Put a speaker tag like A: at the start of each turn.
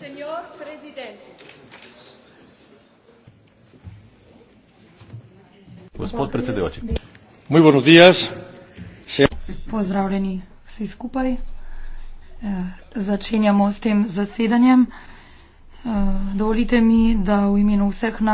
A: señor presidente.
B: Gospod predsedujoči. Muy buenos días. Se...
C: Pozdravljeni vsi skupaj. E, začenjamo s tem zasedanjem. E, dovolite mi,
D: da v imenu vseh nas.